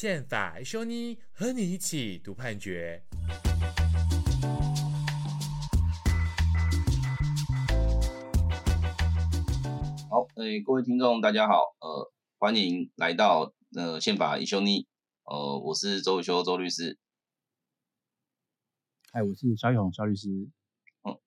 憲法奕修你和你一起讀判決。好、欸，各位聽眾，大家好，呃，歡迎來到呃，憲法奕修你，呃，我是周宇修周律師。嗨，我是蕭奕弘，蕭律師。嗯，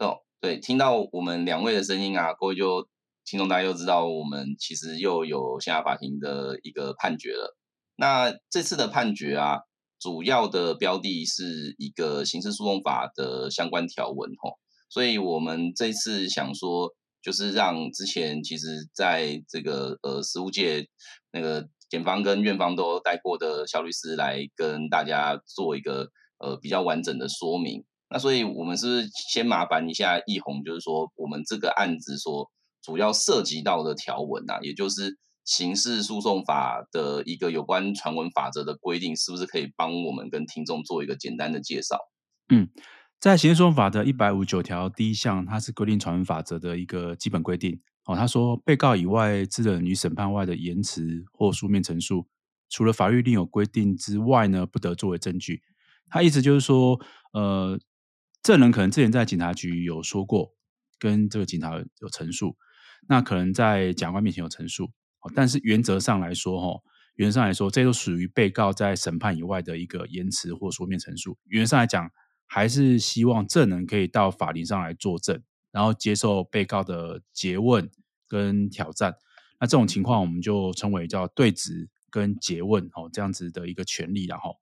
哦，對，聽到我們兩位的聲音啊，各位就聽眾大家就知道我們其實又有憲法法庭的一個判決了。那這次的判決啊，主要的標的是一個刑事訴訟法的相關條文吼，所以我們這次想說，就是讓之前其實在這個呃實務界那個檢方跟院方都待過的蕭律師來跟大家做一個呃比較完整的說明。那所以我們是不是先麻煩一下奕弘，就是說我們這個案子所主要涉及到的條文吶、啊，也就是。刑事訴訟法的一個有關傳聞法則的規定，是不是可以幫我們跟聽眾做一個簡單的介紹？嗯，在刑事訴訟法的一百五十九條第一項，它是規定傳聞法則的一個基本規定。哦，他說，被告以外之人於審判外的言詞或書面陳述，除了法律另有規定之外呢，不得作為證據。他意思就是說，呃，證人可能之前在警察局有說過，跟這個警察有陳述，那可能在法官面前有陳述。但是原則上來說，哈，原則上來說，這都屬於被告在審判以外的一個言詞或書面陳述。原則上來講，還是希望證人可以到法庭上來作證，然後接受被告的詰問跟挑戰。那這種情況，我們就稱為叫對質跟詰問哦，這樣子的一個權利，然後。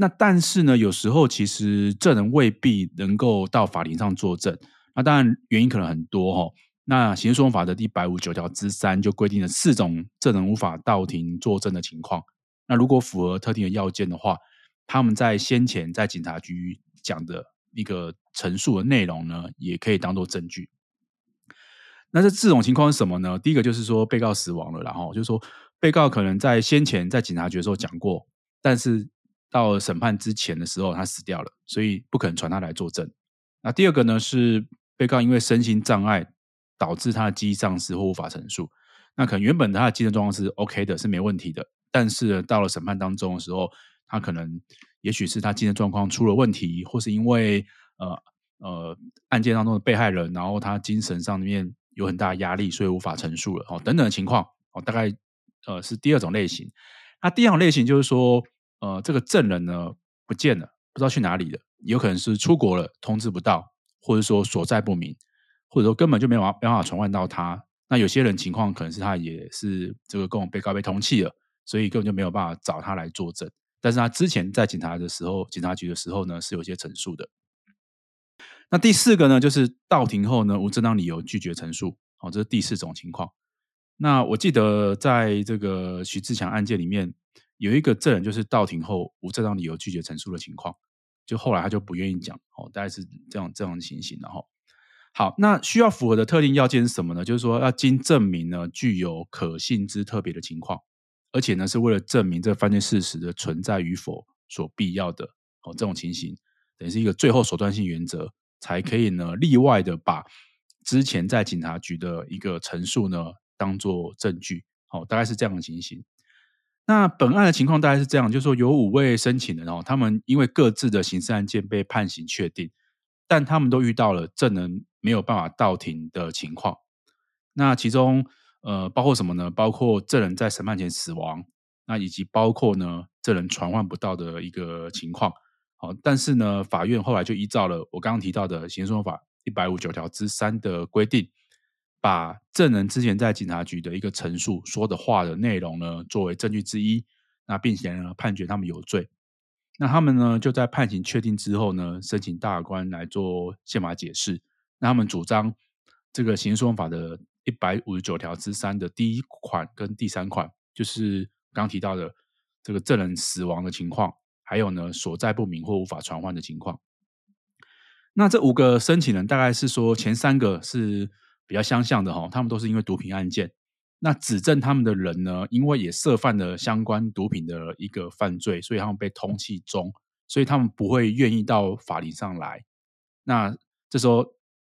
那但是呢，有時候其實證人未必能夠到法庭上作證。那當然，原因可能很多，哈。那刑事訴訟法的第一百五十九條之三就規定了四種證人無法到庭作證的情況。那如果符合特定的要件的話，他們在先前在警察局講的一個陳述的內容呢，也可以當作證據。那這四種情況是什麼呢？第一個就是說被告死亡了，然後就是說被告可能在先前在警察局的時候講過，但是到了審判之前的時候他死掉了，所以不可能傳他來作證。那第二個呢是被告因為身心障礙。導致他的記憶喪失或無法陳述，那可能原本他的精神狀況是 OK 的，是沒問題的，但是到了審判當中的時候，他可能也許是他精神狀況出了問題，或是因為呃呃案件當中的被害人，然後他精神上面有很大的壓力，所以無法陳述了哦，等等的情況哦，大概呃是第二種類型。那、啊、第二種類型就是說，呃，這個證人呢不見了，不知道去哪裡了，有可能是出國了，通知不到，或者說所在不明。或者說根本就沒有辦法傳喚到他，那有些人情況可能是他也是這個共同被告被通緝了，所以根本就沒有辦法找他來作證。但是他之前在警察的時候、警察局的時候呢，是有些陳述的。那第四個呢，就是到庭後呢，無正當理由拒絕陳述，好、哦，這是第四種情況。那我記得在這個徐志強案件裡面，有一個證人就是到庭後無正當理由拒絕陳述的情況，就後來他就不願意講，好、哦，大概是這樣這樣的情形的，然、哦、後。好，那需要符合的特定要件是什麼呢？就是說要經證明呢，具有可信之特別的情況，而且呢是為了證明這犯罪事實的存在與否所必要的哦，這種情形等於是一個最後手段性原則，才可以呢例外的把之前在警察局的一個陳述呢當做證據哦，大概是這樣的情形。那本案的情況大概是這樣，就是說有五位申請人哦，他們因為各自的刑事案件被判刑確定。但他們都遇到了證人沒有辦法到庭的情況，那其中呃包括什麼呢？包括證人在審判前死亡，那以及包括呢證人傳喚不到的一個情況。好、哦，但是呢法院後來就依照了我剛剛提到的刑事訴訟法一百五十九條之三的規定，把證人之前在警察局的一個陳述說的話的內容呢作為證據之一，那並且呢判決他們有罪。那他們呢，就在判刑確定之後呢，申請大法官來做憲法解釋。那他們主張這個刑事訴訟法的一百五十九條之三的第一款跟第三款，就是剛提到的這個證人死亡的情況，還有呢所在不明或無法傳喚的情況。那這五個申請人，大概是說前三個是比較相像的哈、哦，他們都是因為毒品案件。那指證他們的人呢，因為也涉犯了相關毒品的一個犯罪，所以他們被通緝中，所以他們不會願意到法庭上來。那這時候，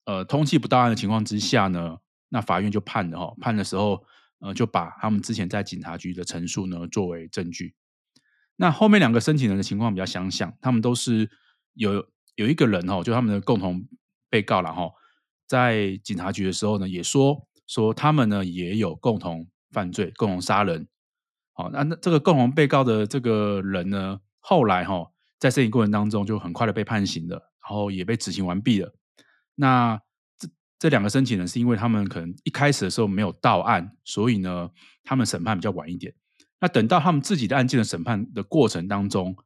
呃，通緝不到案的情況之下呢，那法院就判了哈、哦，判的時候，呃，就把他們之前在警察局的陳述呢作為證據。那後面兩個申請人的情況比較相像，他們都是有有一個人哈、哦，就他們的共同被告了哈、哦，在警察局的時候呢，也說。說他們呢也有共同犯罪，共同殺人，好、哦，那那這個共同被告的這個人呢，後來哈、哦、在審理過程當中就很快的被判刑了，然後也被執行完畢了。那這這兩個申請人是因為他們可能一開始的時候沒有到案，所以呢他們審判比較晚一點。那等到他們自己的案件的審判的過程當中，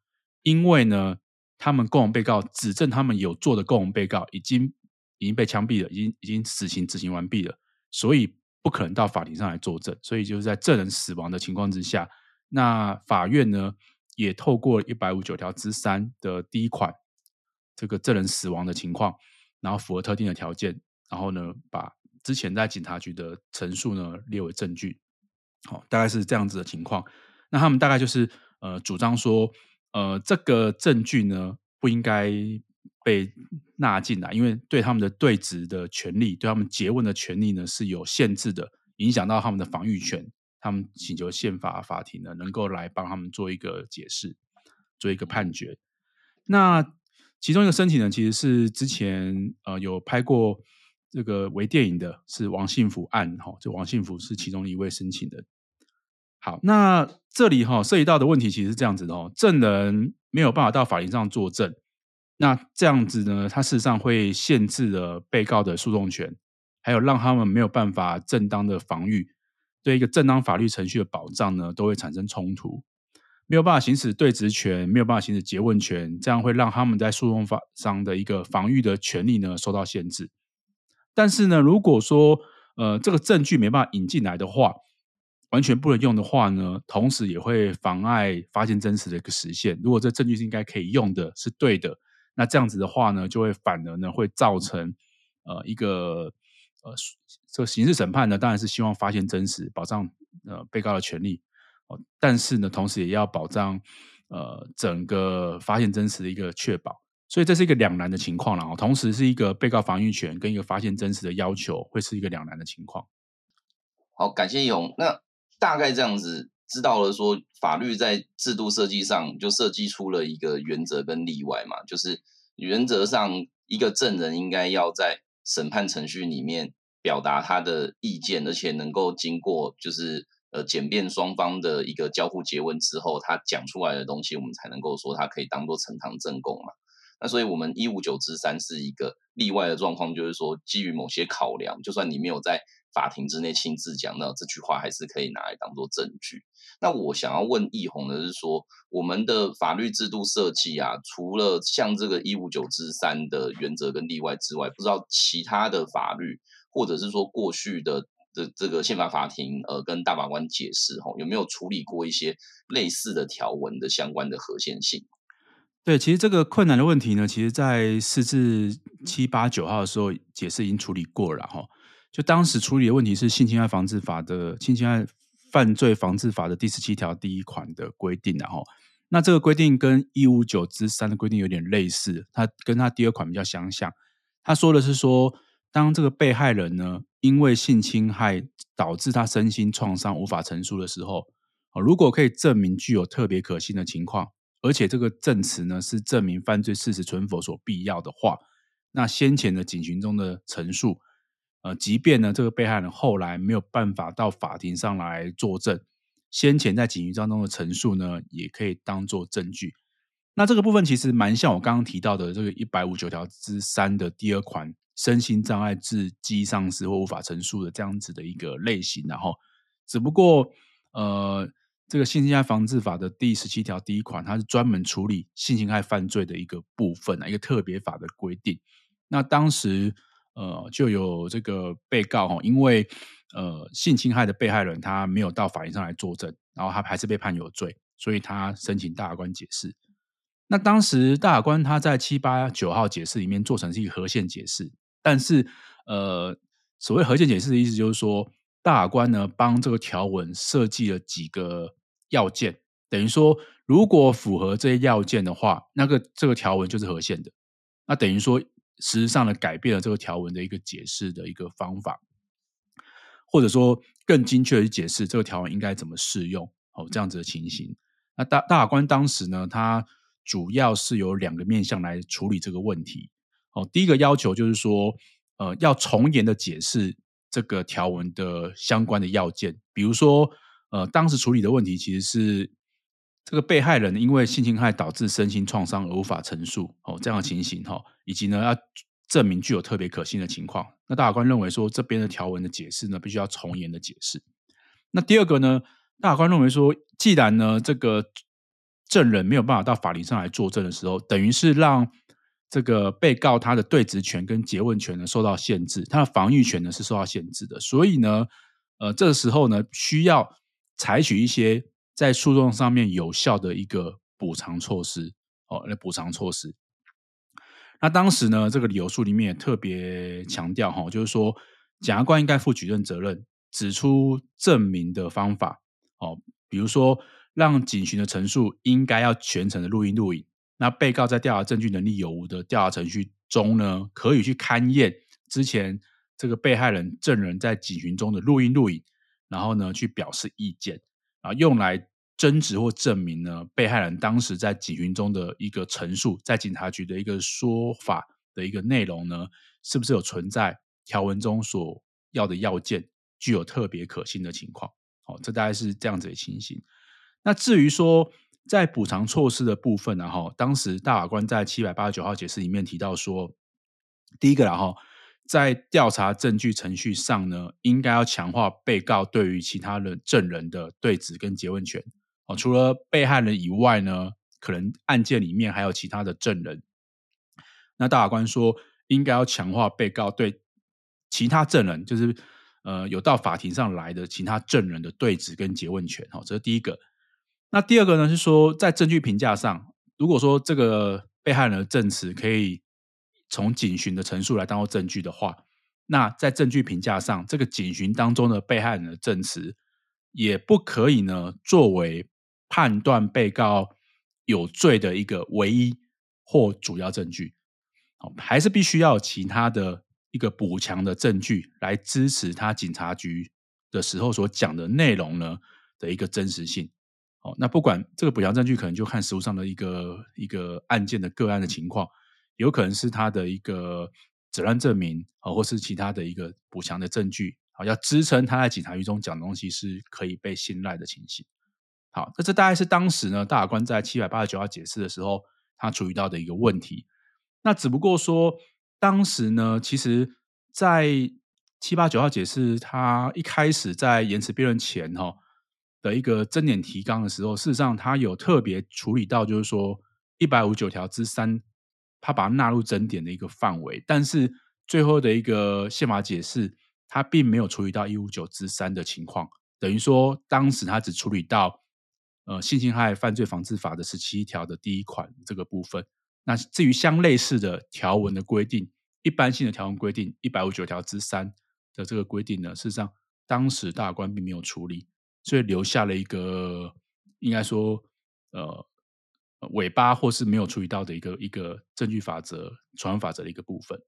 因為呢他們共同被告指證他們有做的共同被告已經已經被槍斃了，已經已經死刑執行完畢了。所以不可能到法庭上來作證，所以就是在證人死亡的情況之下，那法院呢，也透過一百五十九條之三的第一款，這個證人死亡的情況，然後符合特定的條件，然後呢把之前在警察局的陳述呢列為證據，好、哦，大概是這樣子的情況，那他們大概就是呃主張說，呃這個證據呢不應該。被納進來，因為對他們的對質的權利，對他們詰問的權利呢是有限制的，影響到他們的防禦權。他們請求憲法法庭呢能夠來幫他們做一個解釋，做一個判決。那其中一個申請人其實是之前呃有拍過這個微電影的，是王信福案哈，就、哦、王信福是其中一位申請人。好，那這裡哈、哦、涉及到的問題其實是這樣子的哦，證人沒有辦法到法庭上作證。那這樣子呢，它事實上會限制了被告的訴訟權，還有讓他們沒有辦法正當的防禦，對一個正當法律程序的保障呢，都會產生衝突。沒有辦法行使對質權，沒有辦法行使詰問權，這樣會讓他們在訴訟法上的一個防禦的權利呢，受到限制。但是呢，如果說呃這個證據沒辦法引進來的話，完全不能用的話呢，同時也會妨礙發現真實的一個實現。如果這證據是應該可以用的，是對的。那這樣子的話呢，就會反而呢會造成，呃，一個呃，這刑事審判呢，當然是希望發現真實，保障呃被告的權利，哦，但是呢，同時也要保障呃整個發現真實的一個確保，所以這是一個兩難的情況了啊。同時是一個被告防禦權跟一個發現真實的要求，會是一個兩難的情況。好，感謝奕弘。那大概這樣子。知道了，說法律在制度設計上就設計出了一個原則跟例外嘛，就是原則上一個證人應該要在審判程序裡面表達他的意見，而且能夠經過就是呃檢辯雙方的一個交互詰問之後，他講出來的東西我們才能夠說他可以當做呈堂證供嘛。那所以我們一五九之三是一個例外的狀況，就是說基於某些考量，就算你沒有在。法庭之內親自講到這句話，還是可以拿來當做證據。那我想要問奕弘的，是說我們的法律制度設計啊，除了像這個一五九之三的原則跟例外之外，不知道其他的法律或者是說過去的的這個憲法法庭呃，跟大法官解釋哈、哦，有沒有處理過一些類似的條文的相關的合憲性？對，其實這個困難的問題呢，其實，在四至七八九號的時候解釋已經處理過了哈。就當時處理的問題是性侵害防治法的性侵害犯罪防治法的第十七條第一款的規定，然後那這個規定跟一五九之三的規定有點類似，它跟它第二款比較相像。他說的是說，當這個被害人呢，因為性侵害導致他身心創傷無法陳述的時候，啊，如果可以證明具有特別可信的情況，而且這個證詞呢，是證明犯罪事實存否所必要的話，那先前的警詢中的陳述。呃，即便呢，這個被害人後來沒有辦法到法庭上來作證，先前在警局當中的陳述呢，也可以當作證據。那這個部分其實蠻像我剛剛提到的這個一百五十九條之三的第二款，身心障礙致記憶喪失或無法陳述的這樣子的一個類型，然後只不過呃，這個性侵害防治法的第十七條第一款，它是專門處理性侵害犯罪的一個部分，一個特別法的規定。那當時。呃，就有這個被告因為呃性侵害的被害人他沒有到法院上來作證，然後他還是被判有罪，所以他申請大法官解釋。那當時大法官他在七八九號解釋裡面做成是一個合憲解釋，但是呃，所謂合憲解釋的意思就是說，大法官呢幫這個條文設計了幾個要件，等於說如果符合這些要件的話，那個這個條文就是合憲的。那等於說。實質上的改變了這個條文的一個解釋的一個方法，或者說更精確的去解釋這個條文應該怎麼適用哦，這樣子的情形。那大大法官當時呢，他主要是有兩個面向來處理這個問題。哦，第一個要求就是說，呃，要從嚴的解釋這個條文的相關的要件，比如說，呃，當時處理的問題其實是這個被害人因為性侵害導致身心創傷而無法陳述，哦，這樣的情形哈、哦，以及呢要證明具有特別可信的情況，那大法官認為說這邊的條文的解釋呢，必須要從嚴的解釋。那第二個呢，大法官認為說，既然呢這個證人沒有辦法到法庭上來作證的時候，等於是讓這個被告他的對質權跟詰問權呢受到限制，他的防禦權呢是受到限制的，所以呢，呃，這個時候呢需要採取一些。在訴訟上面有效的一個補償措施哦，來補償措施。那當時呢，這個理由書裡面也特別強調哈，就是說檢察官應該負舉證責任，指出證明的方法哦，比如說讓警詢的陳述應該要全程的錄音錄影。那被告在調查證據能力有無的調查程序中呢，可以去勘驗之前這個被害人證人在警詢中的錄音錄影，然後呢去表示意見。啊，用來爭執或證明呢，被害人當時在警訊中的一個陳述，在警察局的一個說法的一個內容呢，是不是有存在條文中所要的要件，具有特別可信的情況？哦，這大概是這樣子的情形。那至於說在補償措施的部分呢，哈，當時大法官在七百八十九號解釋裡面提到說，第一個然後。在調查證據程序上呢，應該要強化被告對於其他的證人的對質跟詰問權哦。除了被害人以外呢，可能案件裡面還有其他的證人。那大法官說，應該要強化被告對其他證人，就是呃有到法庭上來的其他證人的對質跟詰問權哦。這是第一個。那第二個呢，是說在證據評價上，如果說這個被害人的證詞可以。從警詢的陳述來當做證據的話，那在證據評價上，這個警詢當中的被害人的證詞也不可以呢作為判斷被告有罪的一個唯一或主要證據。哦，還是必須要其他的一個補強的證據來支持他警察局的時候所講的內容呢的一個真實性。哦，那不管這個補強證據，可能就看實務上的一個一個案件的個案的情況。有可能是他的一個責任證明啊，或是其他的一個補強的證據啊，要支撐他在警察局中講的東西是可以被信賴的情形。好，那這大概是當時呢大法官在七百八十九號解釋的時候，他處理到的一個問題。那只不過說，當時呢，其實在七八九號解釋他一開始在言詞辯論前哈的一個爭點提綱的時候，事實上他有特別處理到，就是說一百五九條之三。他把它納入爭點的一個範圍，但是最後的一個憲法解釋，他並沒有處理到一百五十九之三的情況，等於說當時他只處理到呃《性侵害犯罪防治法》的十七條的第一款這個部分。那至於相類似的條文的規定，一般性的條文規定一百五十九條之三的這個規定呢，事實上當時大法官並沒有處理，所以留下了一個應該說呃。尾巴或是沒有處理到的一個一個證據法則、傳聞法則的一個部分。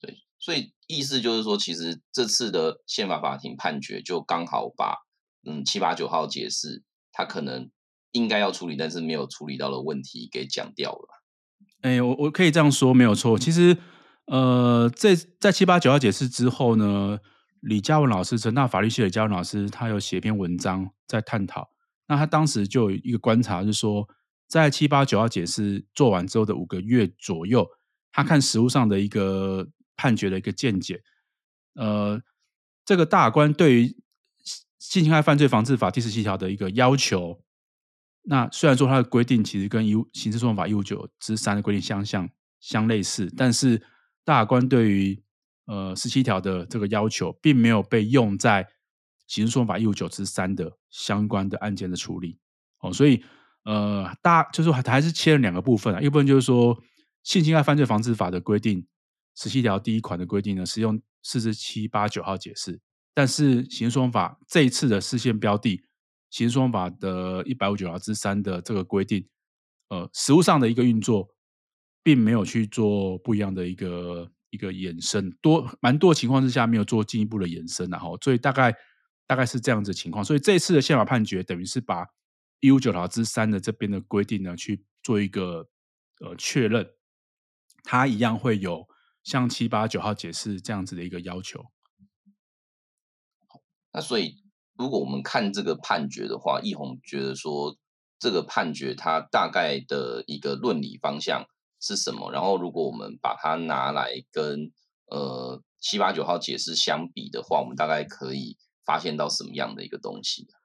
對，所以意思就是說，其實這次的憲法法庭判決就剛好把嗯七八九號解釋，他可能應該要處理，但是沒有處理到的問題給講掉了。哎、欸，我我可以這樣說，沒有錯、嗯。其實，呃，在在七八九號解釋之後呢，李佳玟老師，成大法律系的佳玟老師，他有寫篇文章在探討。那他當時就有一個觀察，就是說，在七八九號解釋做完之後的五個月左右，他看實務上的一個判決的一個見解。呃，這個大法官對於性侵害犯罪防治法第十七條的一個要求，那雖然說它的規定其實跟一刑事訴訟法一五九之三的規定相像、相類似，但是大法官對於呃十七條的這個要求，並沒有被用在。刑訴法一五九之三的相關的案件的處理哦，所以呃，大就是還還是切了兩個部分啊，一部分就是說《性侵害犯罪防治法》的規定十七條第一款的規定呢，是適用789號解釋，但是刑事訴訟法這一次的釋憲標的，刑事訴訟法的一百五十九條之三的這個規定，呃，實務上的一個運作，並沒有去做不一樣的一個一個延伸，多蠻多情況之下沒有做進一步的延伸，然後所以大概。大概是這樣子的情況，所以這次的憲法判決等於是把一五九條之三的這邊的規定呢去做一個呃確認，它一樣會有像七八九號解釋這樣子的一個要求。那所以如果我們看這個判決的話，奕弘覺得說這個判決它大概的一個論理方向是什麼？然後如果我們把它拿來跟呃七八九號解釋相比的話，我們大概可以發現到什麼樣的一個東西啊？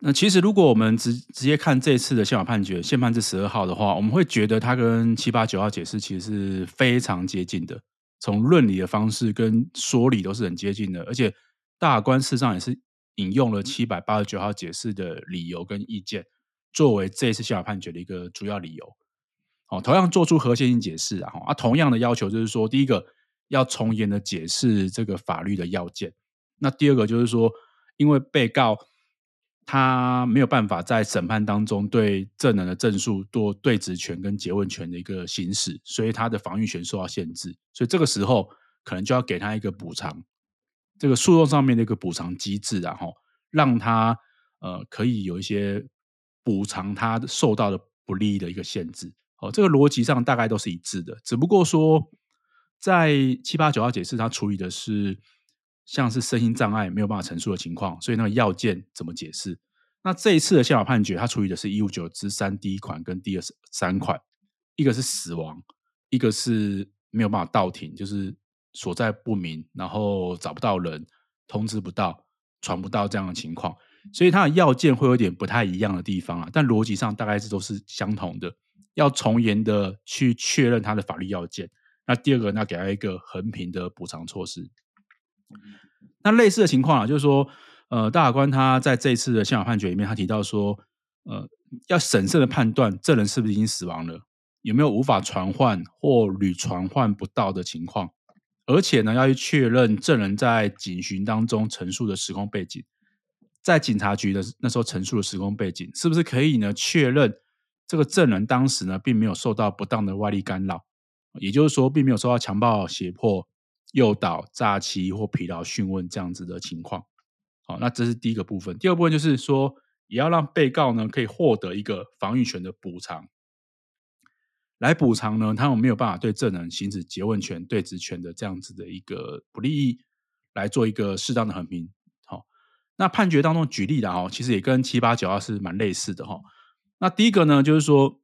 那其實如果我們直直接看這次的憲法判決，憲判字第十二號的話，我們會覺得它跟七八九號解釋其實是非常接近的，從論理的方式跟說理都是很接近的，而且大官司上也是引用了七百八十九號解釋的理由跟意見，作為這次憲法判決的一個主要理由。哦，同樣做出合憲性解釋啊。啊，同樣的要求就是說，第一個要從嚴的解釋這個法律的要件。那第二個就是說，因為被告他沒有辦法在審判當中對證人的證述做對質權跟詰問權的一個行使，所以他的防禦權受到限制，所以這個時候可能就要給他一個補償，這個訴訟上面的一個補償機制，然後讓他呃可以有一些補償他受到的不利的一個限制。好，這個邏輯上大概都是一致的，只不過說在七八九號解釋，他處理的是。像是身心障礙沒有辦法陳述的情況，所以那個要件怎麼解釋？那這一次的憲法判決，它處理的是一五九之三第一款跟第二十三款，一個是死亡，一個是沒有辦法到庭，就是所在不明，然後找不到人，通知不到，傳不到這樣的情況，所以它的要件會有點不太一樣的地方啊，但邏輯上大概是都是相同的，要從嚴的去確認它的法律要件。那第二個呢，那給他一個衡平的補償措施。那類似的情況啊，就是說，呃，大法官他在這一次的憲法判決裡面，他提到說，呃，要審慎的判斷證人是不是已經死亡了，有沒有無法傳喚或屢傳喚不到的情況，而且呢，要去確認證人在警詢當中陳述的時空背景，在警察局的那時候陳述的時空背景，是不是可以呢確認這個證人當時呢並沒有受到不當的外力干擾，也就是說，並沒有受到強暴脅迫。誘導詐欺或疲勞訊問這樣子的情況，好，那這是第一個部分。第二部分就是說，也要讓被告呢可以獲得一個防御權的補償，來補償呢他們沒有辦法對證人行使詰問權、對質權的這樣子的一個不利益，來做一個適當的衡平。好，那判決當中舉例的哈，其實也跟七八九二是蠻類似的哈。那第一個呢，就是說，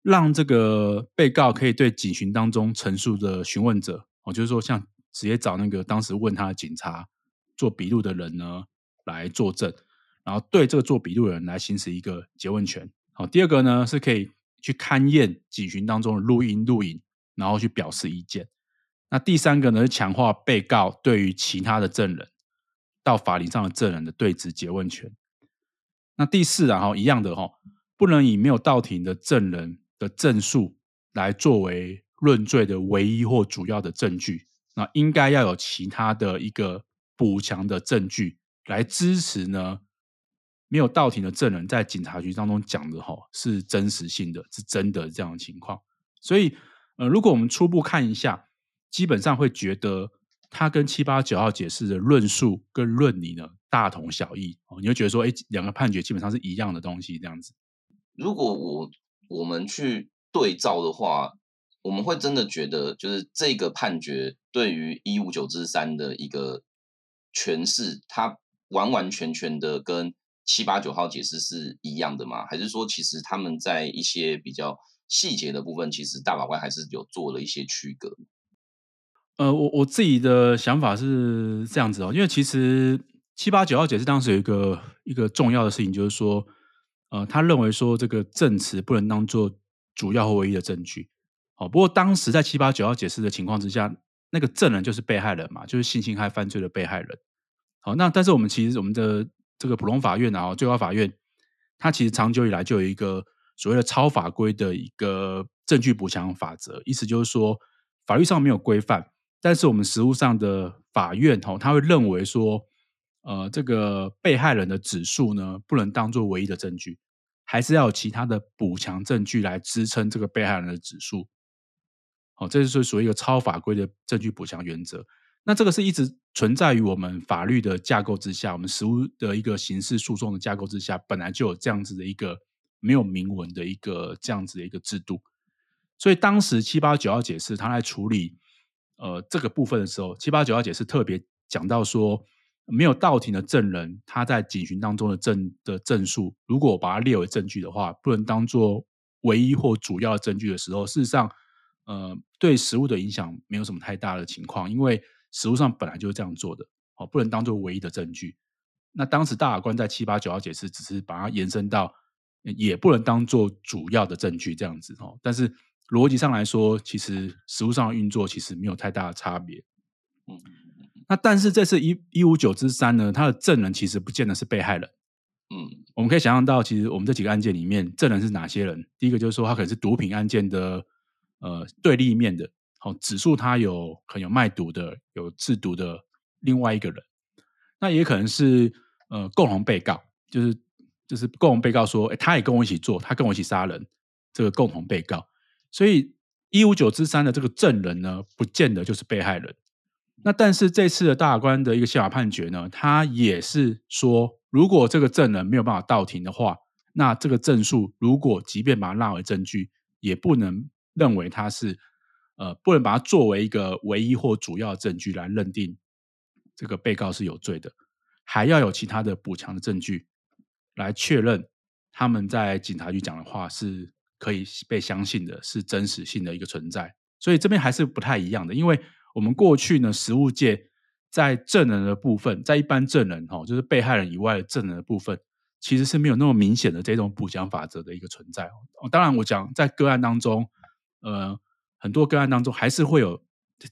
讓這個被告可以對警詢當中陳述的詢問者。我、哦、就是說，像直接找那個當時問他的警察做筆錄的人呢來作證，然後對這個做筆錄的人來行使一個詰問權。好、哦，第二個呢是可以去勘驗警詢當中的錄音錄影，然後去表示意見。那第三個呢是強化被告對於其他的證人到法庭上的證人的對質詰問權。那第四然、啊、後一樣的哈、哦，不能以沒有到庭的證人的證述來作為。論罪的唯一或主要的證據，那應該要有其他的一個補強的證據來支持呢，沒有到庭的證人在警察局當中講的齁是真實性的，是真的這樣的情況。所以，呃，如果我們初步看一下，基本上會覺得他跟七八九號解釋的論述跟論理呢大同小異哦，你會覺得說，哎、欸，兩個判決基本上是一樣的東西這樣子，如果我我們去對照的話。我們會真的覺得，就是這個判決對於一五九之三的一個詮釋，它完完全全的跟七八九號解釋是一樣的嗎？還是說，其實他們在一些比較細節的部分，其實大法官還是有做了一些區隔？呃，我我自己的想法是這樣子哦，因為其實七八九號解釋當時有一個一個重要的事情，就是說，呃，他認為說這個證詞不能當做主要或唯一的證據。哦，不過當時在七八九號解釋的情況之下，那個證人就是被害人嘛，就是性侵害犯罪的被害人。好、哦，那但是我們其實我們的這個普通法院啊，最高法院，它其實長久以來就有一個所謂的超法規的一個證據補強法則，意思就是說法律上沒有規範，但是我們實務上的法院哦、啊，他會認為說，呃，這個被害人的指述呢，不能當做唯一的證據，還是要有其他的補強證據來支撐這個被害人的指述。哦，這就是屬於一個超法規的證據補強原則。那這個是一直存在於我們法律的架構之下，我們實務的一個刑事訴訟的架構之下，本來就有這樣子的一個沒有明文的一個這樣子的一個制度。所以當時七八九號解釋，他來處理呃這個部分的時候，七八九號解釋特別講到說，沒有到庭的證人，他在警詢當中的證的證述，如果把它列為證據的話，不能當做唯一或主要的證據的時候，事實上。呃，對實務的影響沒有什麼太大的情況，因為實務上本來就是這樣做的哦，不能當做唯一的證據。那當時大法官在七八九號解釋，只是把它延伸到，也不能當做主要的證據這樣子哦。但是邏輯上來說，其實實務上的運作其實沒有太大的差別。嗯，那但是這次一一五九之三呢，它的證人其實不見得是被害人。嗯，我們可以想象到，其實我們這幾個案件裡面，證人是哪些人？第一個就是說，他可能是毒品案件的。呃，對立面的，好、哦，指數他有可能賣毒的，有製毒的，另外一個人，那也可能是呃共同被告，就是就是共同被告說，哎、欸，他也跟我一起做，他跟我一起殺人，這個共同被告，所以一五九之三的這個證人呢，不見得就是被害人。那但是這次的大法官的一個憲法判決呢，他也是說，如果這個證人沒有辦法到庭的話，那這個證述如果即便把它納為證據，也不能。認為他是呃，不能把它作為一個唯一或主要證據來認定這個被告是有罪的，還要有其他的補強的證據來確認他們在警察局講的話是可以被相信的，是真實性的一個存在。所以這邊還是不太一樣的，因為我們過去呢，實務界在證人的部分，在一般證人哈、哦，就是被害人以外的證人的部分，其實是沒有那麼明顯的這種補強法則的一個存在。哦、當然，我講在個案當中。呃，很多個案當中還是會有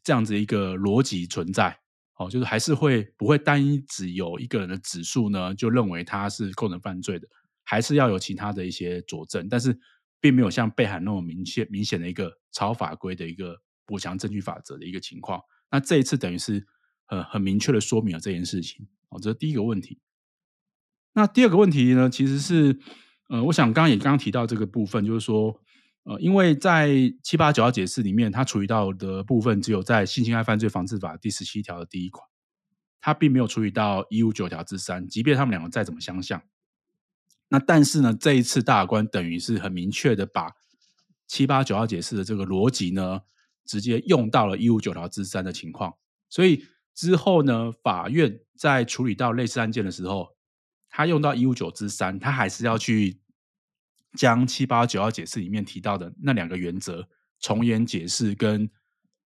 這樣子一個邏輯存在，哦，就是還是會不會單一只有一個人的指數呢，就認為他是構成犯罪的，還是要有其他的一些佐證，但是並沒有像被害人那麼明確明顯的一個超法規的一個補強證據法則的一個情況。那這一次等於是呃很，很明確的說明了這件事情，哦，這是第一個問題。那第二個問題呢，其實是呃，我想剛也剛提到這個部分，就是說。呃，因為在七八九號解釋裡面，它處理到的部分只有在性侵害犯罪防治法第十七條的第一款，它並沒有處理到一五九條之三。即便他們兩個再怎麼相像，那但是呢，這一次大法官等於是很明確的把七八九號解釋的這個邏輯呢，直接用到了一五九條之三的情況。所以之後呢，法院在處理到類似案件的時候，他用到一五九之三，他還是要去。將七八九號解釋裡面提到的那兩個原則，從嚴解釋跟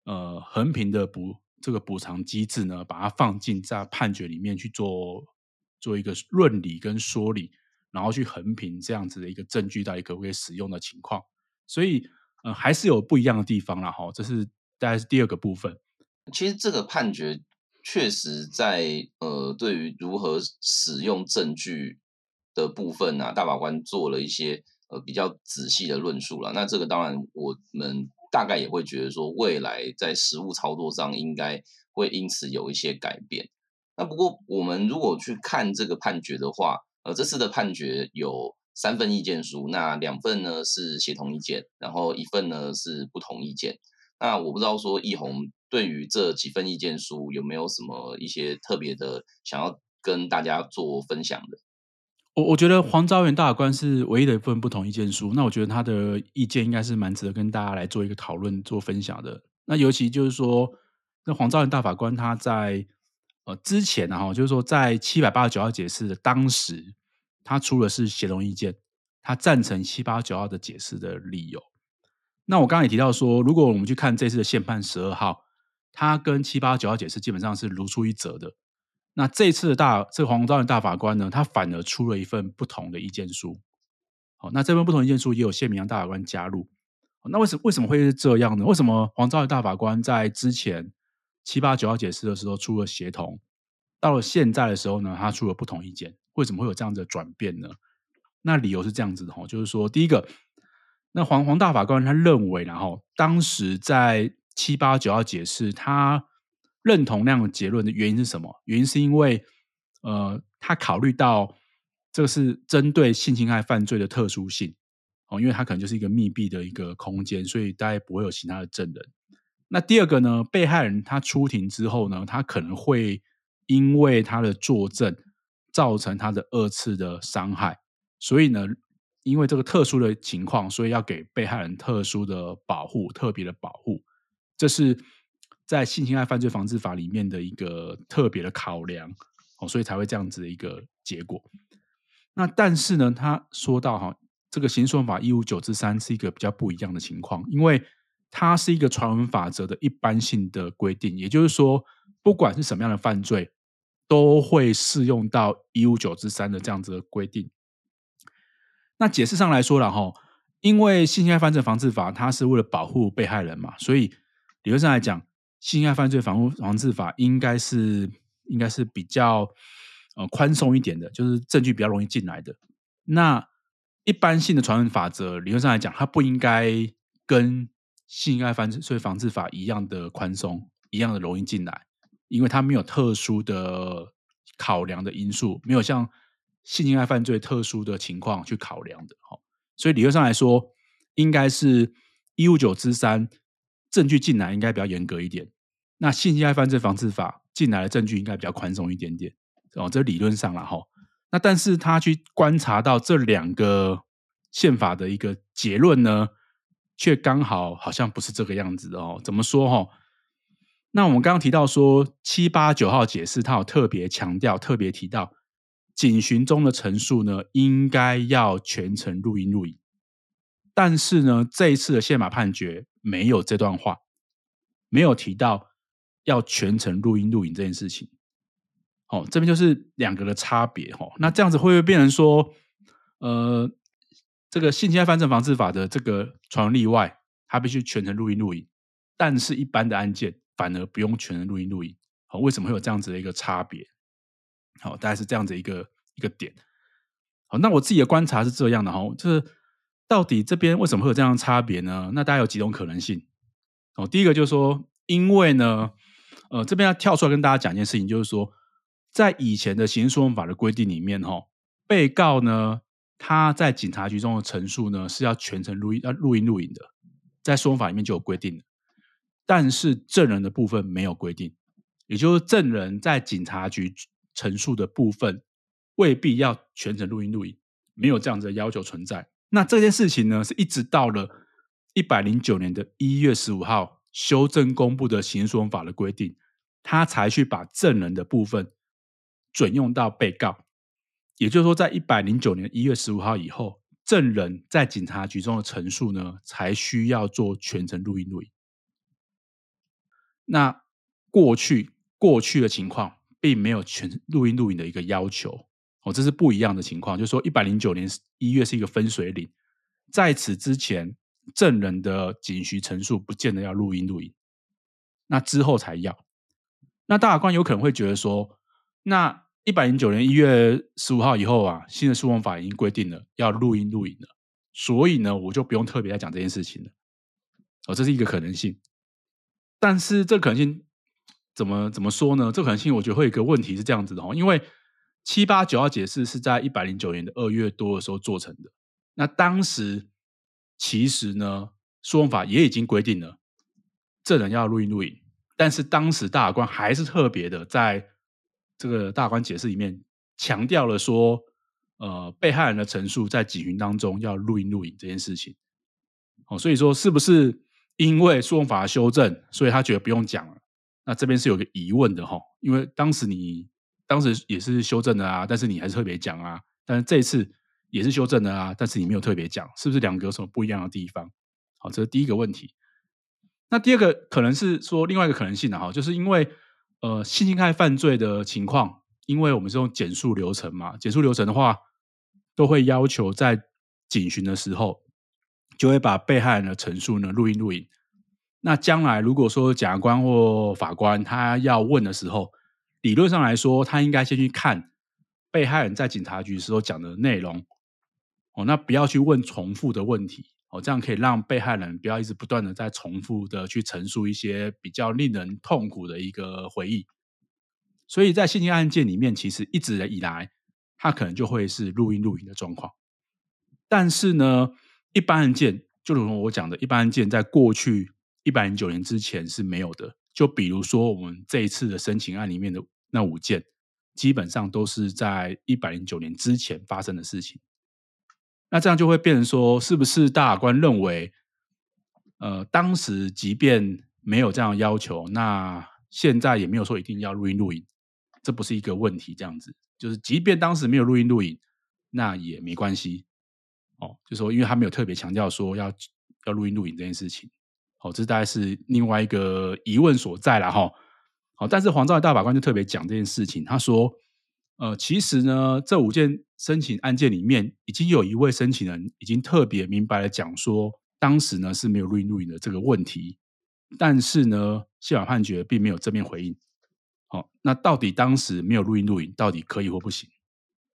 呃衡平的補，這個補償機制呢，把它放進在判決裡面去做做，一個論理跟說理，然後去衡平這樣子的一個證據到底可不可以使用的情況，所以呃還是有不一樣的地方啦。哈，這是大概是第二個部分。其實這個判決確實在呃對於如何使用證據的部分呢，啊，大法官做了一些呃比較仔細的論述了。那這個當然我們大概也會覺得說，未來在實務操作上應該會因此有一些改變。那不過我們如果去看這個判決的話，呃，這次的判決有三份意見書，那兩份呢是協同意見，然後一份呢是不同意見。那我不知道說奕弘，對於這幾份意見書有沒有什麼一些特別的想要跟大家做分享的？我我覺得黃昭元大法官是唯一的一份不同意見書，那我覺得他的意見應該是蠻值得跟大家來做一個討論、做分享的。那尤其就是說，那黃昭元大法官他在呃之前然後，啊，就是說在七百八十九號解釋的當時他出的是協同意見，他贊成七八九號的解釋的理由。那我剛才也提到說，如果我們去看這次的憲判十二號，他跟七八九號解釋基本上是如出一轍的。那這次的大這個黃昭元大法官呢，他反而出了一份不同的意見書。哦、那這份不同意見書也有謝銘洋大法官加入。哦、那為什麼為什麼會是這樣呢？為什麼黃昭元大法官在之前七八九號解釋的時候出了協同，到了現在的時候呢，他出了不同意見？為什麼會有這樣子的轉變呢？那理由是這樣子的哈、哦，就是說，第一個，那黃黃大法官他認為，然、哦、後當時在七八九號解釋他。認同那樣的結論的原因是什麼？原因是因為，呃，他考慮到這是針對性侵害犯罪的特殊性，哦，因為他可能就是一個密閉的一個空間，所以大概不會有其他的證人。那第二個呢，被害人他出庭之後呢，他可能會因為他的作證造成他的二次的傷害，所以呢，因為這個特殊的情況，所以要給被害人特殊的保護，特別的保護，這是。在性侵害犯罪防治法裡面的一個特別的考量哦，所以才會這樣子的一個結果。那但是呢，他說到哈、哦，這個刑訴法一五九之三是一個比較不一樣的情況，因為它是一個傳聞法則的一般性的規定，也就是說，不管是什麼樣的犯罪，都會適用到一五九之三的這樣子的規定。那解釋上來說了哈、哦，因為性侵害犯罪防治法它是為了保護被害人嘛，所以理論上來講。性侵害犯罪防防治法應該是應該是比較呃寬鬆一點的，就是證據比較容易進來的。那一般性的傳聞法則理論上來講，它不應該跟性侵害犯罪防治法一樣的寬鬆，一樣的容易進來，因為它沒有特殊的考量的因素，沒有像性侵害犯罪特殊的情況去考量的。好，所以理論上來說，應該是一五九之三。證據進來應該比較嚴格一點，那性侵害犯罪防治法進來的證據應該比較寬鬆一點點哦，這理論上啦哈、哦。那但是他去觀察到這兩個憲法的一個結論呢，卻剛好好像不是這個樣子哦。怎麼說哈、哦？那我們剛剛提到說七八九號解釋，他有特別強調、特別提到，警詢中的陳述呢，應該要全程錄音錄影。但是呢，這一次的憲法判決。沒有這段話，沒有提到要全程錄音錄影這件事情。哦，這邊就是兩個的差別哦。那這樣子會不會變成說，呃，這個性侵害犯罪防治法的這個傳聞例外，它必須全程錄音錄影，但是一般的案件反而不用全程錄音錄影？哦，為什麼會有這樣子的一個差別？好、哦，大概是這樣子一個一個點。好、哦，那我自己的觀察是這樣的哈、哦，就是。到底這邊為什麼會有這樣的差別呢？那大家有幾種可能性哦？第一個就是說，因為呢，呃，這邊要跳出來跟大家講一件事情，就是說，在以前的刑事訴訟法的規定裡面，哈、哦，被告呢，他在警察局中的陳述呢，是要全程錄音、錄音、錄影的，在訴訟法裡面就有規定。但是證人的部分沒有規定，也就是證人在警察局陳述的部分未必要全程錄音錄影，沒有這樣子的要求存在。那這件事情呢，是一直到了一百零九年的一月十五號修正公布的刑事訴訟法的規定，他才去把證人的部分準用到被告。也就是說，在一百零九年一月十五號以後，證人在警察局中的陳述呢，才需要做全程錄音錄影。那過去過去的情況，並沒有全程錄音錄影的一個要求。我這是不一樣的情況，就是說，一百零九年一月是一個分水嶺，在此之前證人的警詢陳述不見得要錄音錄影，那之後才要。那大法官有可能會覺得說，那一百零九年一月十五號以後啊，新的訴訟法已經規定了要錄音錄影了，所以呢，我就不用特別再講這件事情了。哦，這是一個可能性，但是這可能性怎麼怎麼說呢？這個可能性我覺得會有一個問題是這樣子的哦，因為。七八九號解釋是在一百零九年的二月多的時候做成的。那當時其實呢，訴訟法也已經規定了證人要錄音錄影，但是當時大法官還是特別的在這個大法官解釋裡面強調了說，呃，被害人的陳述在警詢當中要錄音錄影這件事情。哦，所以說是不是因為訴訟法的修正，所以他覺得不用講了？那這邊是有個疑問的哈、哦，因為當時你。當時也是修正的啊，但是你還是特別講啊。但是這一次也是修正的啊，但是你沒有特別講，是不是兩個有什麼不一樣的地方？好，這是第一個問題。那第二個可能是說另外一個可能性的、啊、哈，就是因為呃，性侵害犯罪的情況，因為我們是用減述流程嘛，減述流程的話，都會要求在警詢的時候，就會把被害人的陳述呢錄音錄影。那將來如果說檢察官或法官他要問的時候，理論上來說，他應該先去看被害人在警察局時候講的內容哦，那不要去問重複的問題哦，這樣可以讓被害人不要一直不斷的在重複的去陳述一些比較令人痛苦的一個回憶。所以在性侵案件裡面，其實一直以來，他可能就會是錄音錄影的狀況。但是呢，一般案件，就如同我講的，一般案件在過去一百零九年之前是沒有的。就比如說，我們這一次的申請案裡面的那五件，基本上都是在一百零九年之前發生的事情。那這樣就會變成說，是不是大法官認為，呃，當時即便沒有這樣的要求，那現在也沒有說一定要錄音錄影，這不是一個問題。這樣子就是，即便當時沒有錄音錄影，那也沒關係。哦，就是說，因為他沒有特別強調說要要錄音錄影這件事情。好、哦，這大概是另外一個疑問所在了哈。好，但是黃昭元大法官就特別講這件事情，他說：“呃，其實呢，這五件申請案件裡面，已經有一位申請人已經特別明白的講說，當時呢是沒有錄音錄影的這個問題。但是呢，憲法判決並沒有正面回應。好、哦，那到底當時沒有錄音錄影，到底可以或不行，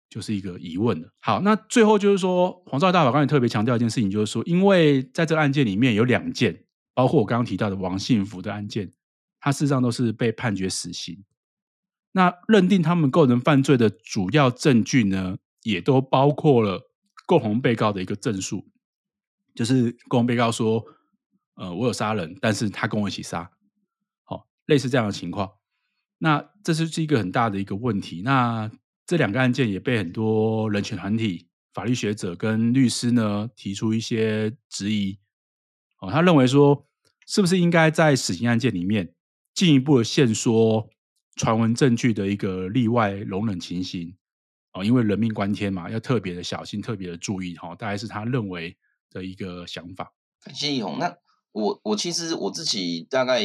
就是一個疑問了。好，那最後就是說，黃昭元大法官也特別強調一件事情，就是說，因為在這個案件裡面有兩件。”包括我剛剛提到的王信福的案件，他事實上都是被判決死刑。那認定他們構成犯罪的主要證據呢，也都包括了共同被告的一個證述，就是共同被告說：“呃，我有殺人，但是他跟我一起殺。”哦，好，類似這樣的情況。那這就是一個很大的一個問題。那這兩個案件也被很多人權團體、法律學者跟律師呢提出一些質疑。哦，他認為說，是不是應該在死刑案件裡面進一步的限縮傳聞證據的一個例外容忍情形？哦，因為人命關天嘛，要特別的小心，特別的注意。哈、哦，大概是他認為的一個想法。謝奕弘，那我我其實我自己大概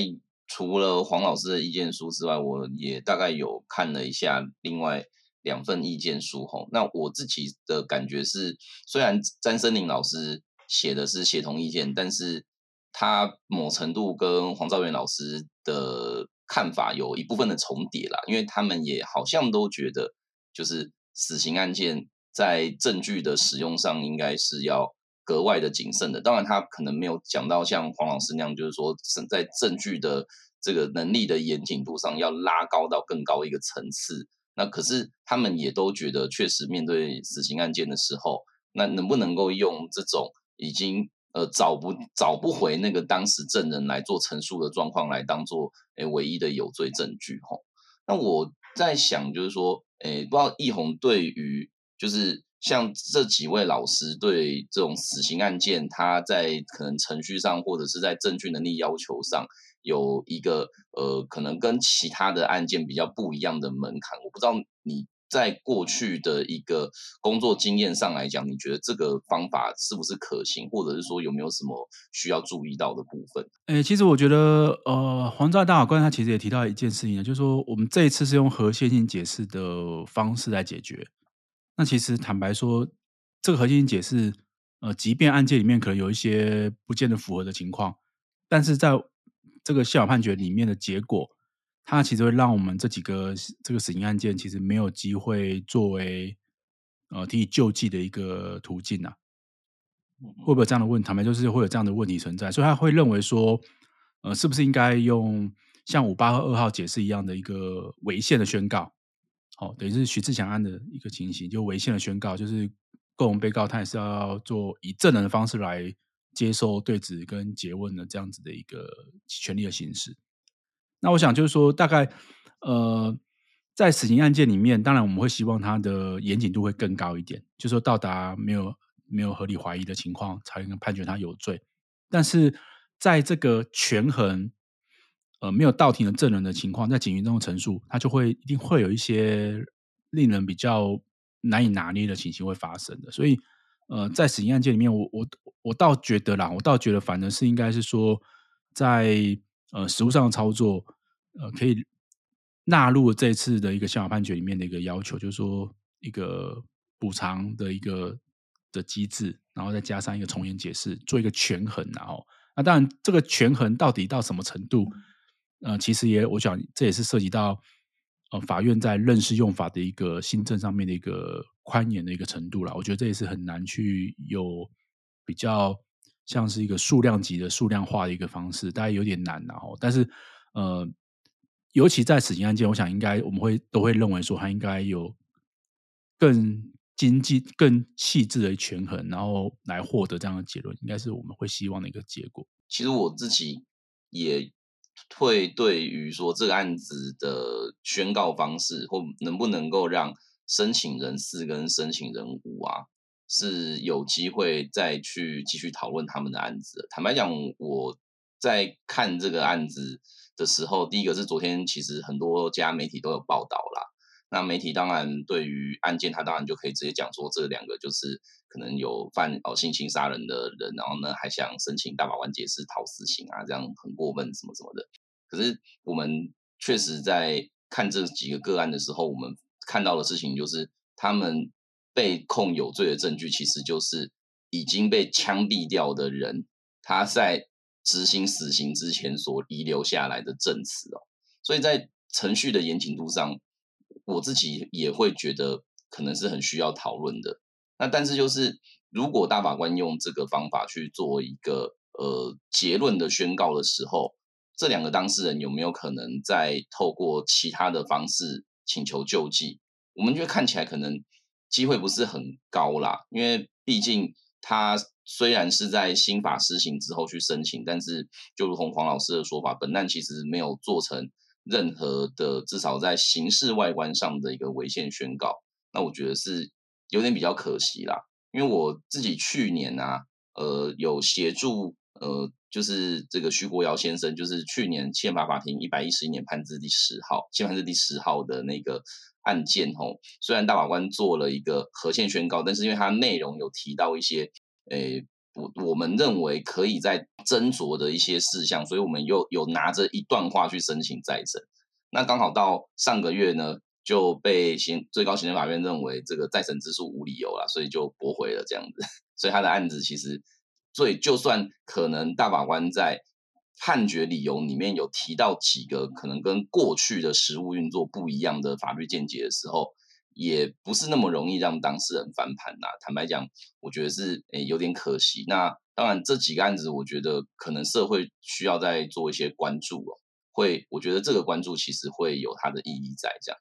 除了黃老師的意見書之外，我也大概有看了一下另外兩份意見書。吼，那我自己的感覺是，雖然詹森林老師，寫的是協同意見，但是他某程度跟黃兆元老師的看法有一部分的重疊啦，因為他們也好像都覺得，就是死刑案件在證據的使用上，應該是要格外的謹慎的。當然，他可能沒有講到像黃老師那樣，就是說在證據的這個能力的嚴謹度上要拉高到更高一個層次。那可是他們也都覺得，確實面對死刑案件的時候，那能不能夠用這種。已經呃，找不找不回那個當時證人來做陳述的狀況來當做誒唯一的有罪證據吼、哦，那我在想就是說誒不知道奕弘對於就是像這幾位老師對這種死刑案件，他在可能程序上或者是在證據能力要求上有一個呃可能跟其他的案件比較不一樣的門檻，我不知道你。在過去的一個工作經驗上來講，你覺得這個方法是不是可行，或者是說有沒有什麼需要注意到的部分？哎、欸，其實我覺得，呃，黃兆大法官他其實也提到一件事情，就是說我們這一次是用合憲性解釋的方式來解決。那其實坦白說，這個合憲性解釋，呃，即便案件裡面可能有一些不見得符合的情況，但是在這個憲判決裡面的結果。它其實會讓我們這幾個這個死刑案件其實沒有機會作為呃提起救濟的一個途徑吶、啊，會不會有這樣的問題？他們，就是會有這樣的問題存在，所以他會認為說，呃，是不是應該用像五八二號解釋一樣的一個違憲的宣告？好、哦，等於是徐自強案的一個情形，就違憲的宣告，就是共同被告他也是要做以證人的方式來接受對質跟詰問的這樣子的一個權利的行使。那我想就是說，大概，呃，在死刑案件裡面，當然我們會希望它的嚴謹度會更高一點，就說到達沒有沒有合理懷疑的情況，才能判決他有罪。但是在這個權衡，呃，沒有到庭的證人的情況，在警詢中的陳述，他就會一定會有一些令人比較難以拿捏的情形會發生的。所以，呃，在死刑案件裡面，我我我倒覺得啦，我倒覺得反正是應該是說在。呃，實務上的操作，呃，可以納入這次的一個憲法判決裡面的一個要求，就是說一個補償的一個的機制，然後再加上一個從嚴解釋，做一個權衡，啊。然後，那當然這個權衡到底到什麼程度，呃，其實也，我想這也是涉及到呃法院在認事用法的一個心證上面的一個寬嚴的一個程度啦。我覺得這也是很難去有比較。像是一個數量級的數量化的一個方式，大概有點難，然後，但是，呃，尤其在死刑案件，我想應該我們會都會認為說，它應該有更經濟、更細緻的權衡，然後來獲得這樣的結論，應該是我們會希望的一個結果。其實我自己也會對於說這個案子的宣告方式，或能不能夠讓申請人四跟申請人五啊。是有機會再去繼續討論他們的案子。坦白講，我在看這個案子的時候，第一個是昨天其實很多家媒體都有報道啦，那媒體當然對於案件，他當然就可以直接講說這兩個就是可能有犯哦性侵殺人的人，然後呢還想申請大法官解釋逃死刑啊，這樣很過分什麼什麼的。可是我們確實在看這幾個個案的時候，我們看到的事情就是他們。被控有罪的證據，其實就是已經被槍斃掉的人，他在執行死刑之前所遺留下來的證詞哦。所以，在程序的嚴謹度上，我自己也會覺得可能是很需要討論的。那但是，就是如果大法官用這個方法去做一個呃結論的宣告的時候，這兩個當事人有沒有可能再透過其他的方式請求救濟？我們就看起來可能，機會不是很高啦，因為畢竟他雖然是在新法施行之後去申請，但是就如同黃老師的說法，本案其實沒有做成任何的，至少在形式外觀上的一個違憲宣告。那我覺得是有點比較可惜啦，因為我自己去年吶、啊，呃，有協助呃，就是這個徐國堯先生，就是去年憲法法庭一百一十一年憲判字第十號，憲判字第十號的那個。案件哦，雖然大法官做了一個合憲宣告，但是因為它內容有提到一些，誒、呃，我我們認為可以再斟酌的一些事項，所以我們又有拿着一段話去申請再審。那剛好到上個月呢，就被行最高行政法院認為這個再審之訴無理由了，所以就駁回了這樣子。所以他的案子其實，所以就算可能大法官在。判決理由裡面有提到幾個可能跟過去的實務運作不一樣的法律見解的時候，也不是那麼容易讓當事人翻盤吶、啊。坦白講，我覺得是誒、欸、有點可惜。那當然，這幾個案子我覺得可能社會需要再做一些關注哦。會，我覺得這個關注其實會有它的意義在這樣。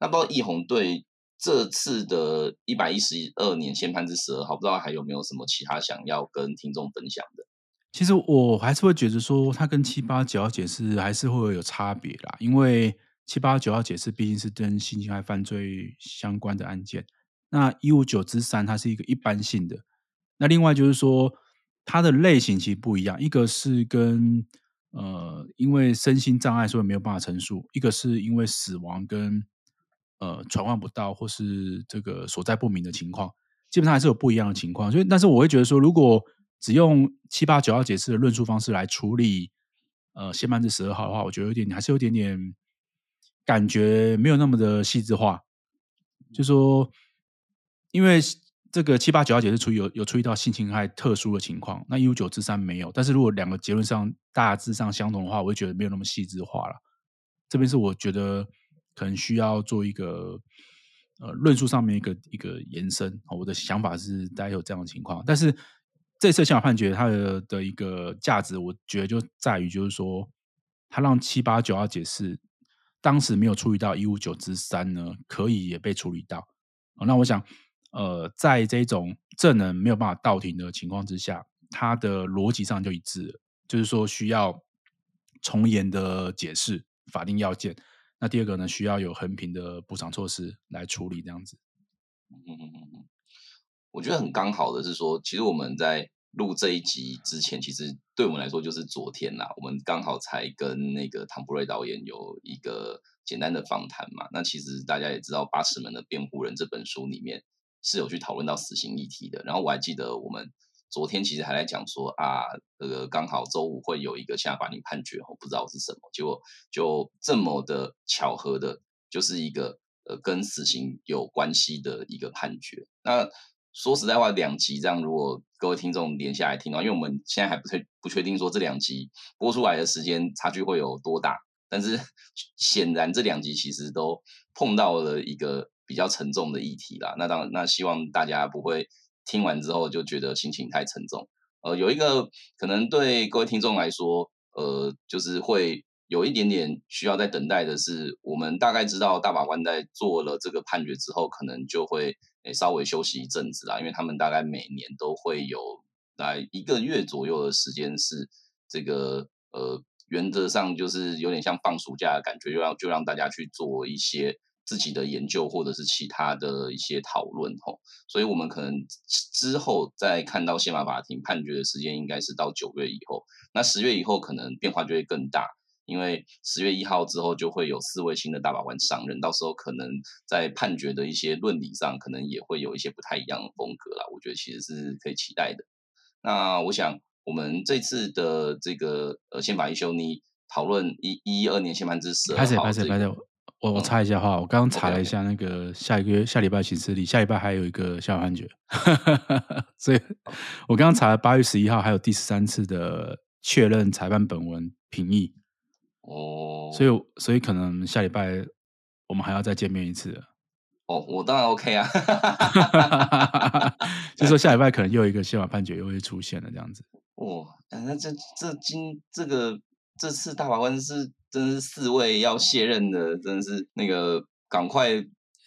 那包括奕弘，對這次的一百一十二年憲判之十二，好，不知道還有沒有什麼其他想要跟聽眾分享的。其實我還是會覺得說，它跟七八九號解釋還是會有差別啦，因為七八九號解釋畢竟是跟性侵害犯罪相關的案件，那一五九之三它是一個一般性的，那另外就是說它的類型其實不一樣，一個是跟呃因為身心障礙所以沒有辦法陳述，一個是因為死亡跟呃傳喚不到或是這個所在不明的情況，基本上還是有不一樣的情況，所以但是我會覺得說如果。只用七八九號解釋的論述方式來處理，呃，憲判字十二號的話，我覺得有點，還是有點點感覺沒有那麼的細緻化。就說，因為這個七八九號解釋出有有處理到性侵害特殊的情況，那一五九之三沒有，但是如果兩個結論上大致上相同的話，我就覺得沒有那麼細緻化了。這邊是我覺得可能需要做一個呃論述上面一個一個延伸啊、哦，我的想法是，大家有這樣的情況，但是。這次憲判決它的的一個價值，我覺得就在於，就是說，他讓七八九號解釋，當時沒有處理到一五九之三呢，可以也被處理到。哦，那我想，呃，在這種證人沒有辦法到庭的情況之下，它的邏輯上就一致了，就是說需要從嚴的解釋法定要件。那第二個呢，需要有衡平的補償措施來處理這樣子。 我覺得很剛好的是說，其實我們在錄這一集之前，其實對我們來說就是昨天啦、啊。我們剛好才跟那個唐布瑞導演有一個簡單的訪談，談嘛。那其實大家也知道，《八尺門的辯護人》這本書裡面是有去討論到死刑議題的。然後我還記得我們昨天其實還在講說啊，這、呃、個剛好周五會有一個憲法庭判決，我不知道是什麼。結果就這麼的巧合的，就是一個呃跟死刑有關係的一個判決。那說實在話，兩集這樣，如果各位聽眾連下來聽的話，因為我們現在還不確不確定說這兩集播出來的時間差距會有多大，但是顯然這兩集其實都碰到了一個比較沉重的議題啦。那當然，那希望大家不會聽完之後就覺得心情太沉重。呃，有一個可能對各位聽眾來說，呃，就是會有一點點需要再等待的是，我們大概知道大法官在做了這個判決之後，可能就會稍微休息一陣子啦，因為他們大概每年都會有來一個月左右的時間，是這個呃，原則上就是有點像放暑假的感覺，就讓就讓大家去做一些自己的研究或者是其他的一些討論吼、哦。所以我們可能之後再看到憲法法庭判決的時間，應該是到九月以後。那十月以後，可能變化就會更大。因為十月一號之後就會有四位新的大法官上任，到時候可能在判決的一些論理上，可能也會有一些不太一樣的風格了。我覺得其實是可以期待的。那我想，我們這次的這個呃，憲法奕修你討論一一二年憲判字，拍手拍手拍手！我我插一下話，嗯、我剛剛查了一下那個下一個月下禮拜行事曆，下禮拜還有一個下午判決， 所以我剛剛查了八月十一號還有第十三次的確認裁判本文評議。哦、oh,，所以所以可能下禮拜我們還要再見面一次。哦、oh,，我當然 OK 啊，哈哈哈。就是說下禮拜可能又一個憲法判決又會出現了，這樣子。哇、oh, 呃，那這這今這，這個這次大法官是真是四位要卸任的，真的是那個趕快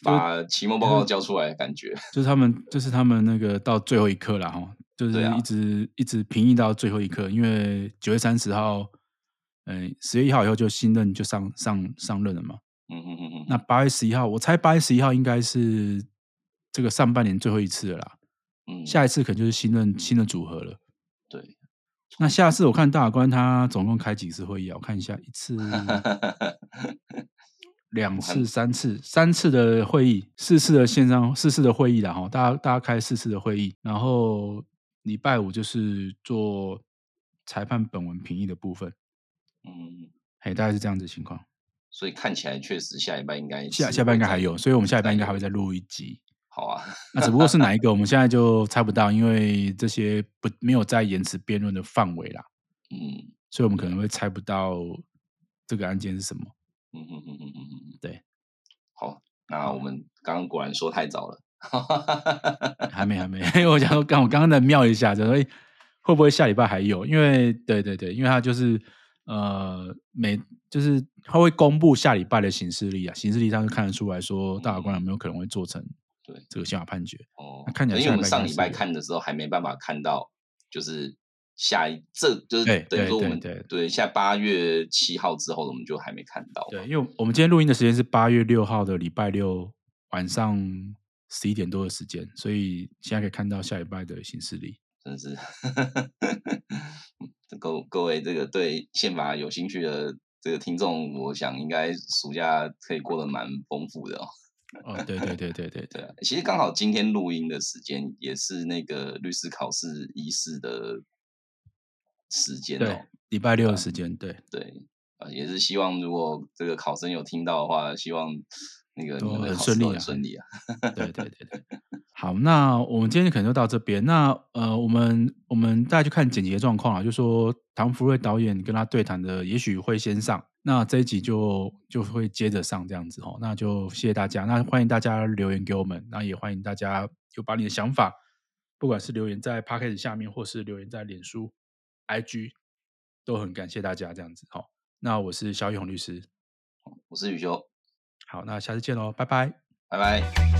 把期末報告交出來的感覺，就、就是他們就是他們那個到最後一刻了哈，就是一直、啊、一直評議到最後一刻，因為九月三十號。嗯，十月一號以後，就新任就上上上任了嘛。嗯嗯嗯嗯。那八月十一號，我猜八月十一號應該是這個上半年最後一次了啦。嗯，下一次可能就是新任、嗯、新的組合了。對。那下次我看大法官他總共開幾次會議啊？我看一下，一次， 兩次，三次，三次的會議，四次的線上，四次的會議啦。哈。大家大家開四次的會議，然後禮拜五就是做裁判本文評議的部分。嗯，嘿，大概是這樣子的情況，所以看起來確實下禮拜應該下下半應該還有，所以我們下禮拜應該還會再錄一集。好啊，那只不過是哪一個， 我們現在就猜不到，因為這些不沒有在言詞辯論的範圍啦。嗯，所以我們可能會猜不到這個案件是什麼。嗯嗯嗯哼哼哼，對，好，那我們剛剛果然說太早了，哈哈哈哈哈還沒還沒，因 我想說剛我剛剛在瞄一下，就說、欸、會不會下禮拜還有？因為對對對，因為他就是。呃，每就是他會公布下禮拜的行事曆啊，行事曆上就看得出來，說大法官有沒有可能會做成對這個憲法判決哦。嗯嗯、看起來看是因為我們上禮拜看的時候還沒辦法看到就，就是下一這就是等着我們對，對，對，對，對下八月七號之後，我們就還沒看到。對，因為我們今天錄音的時間是八月六號的禮拜六晚上十一點多的時間，所以現在可以看到下禮拜的行事曆真是，哈，哈，哈，哈，各各位這個對憲法有興趣的這個聽眾，我想應該暑假可以過得蠻豐富的、喔、哦。對，對，對，對，對，對，對、啊。其實剛好今天錄音的時間也是那個律師考試一試的時間、喔、對禮拜六的時間，對對。啊，也是希望如果這個考生有聽到的話，希望。那個都很順利啊，順利啊，對對對對，好，那我們今天可能就到這邊。那呃，我們我們大家去看剪輯的狀況啊，就說唐福睿導演跟他對談的，也許會先上，那這一集就就會接着上這樣子哦。那就謝謝大家，那歡迎大家留言給我們，那也歡迎大家就把你的想法，不管是留言在 Podcast 下面，或是留言在臉書 IG，都很感謝大家這樣子哦。那我是蕭奕弘律師，我是宇修。好，那下次見嘍，拜拜。拜拜。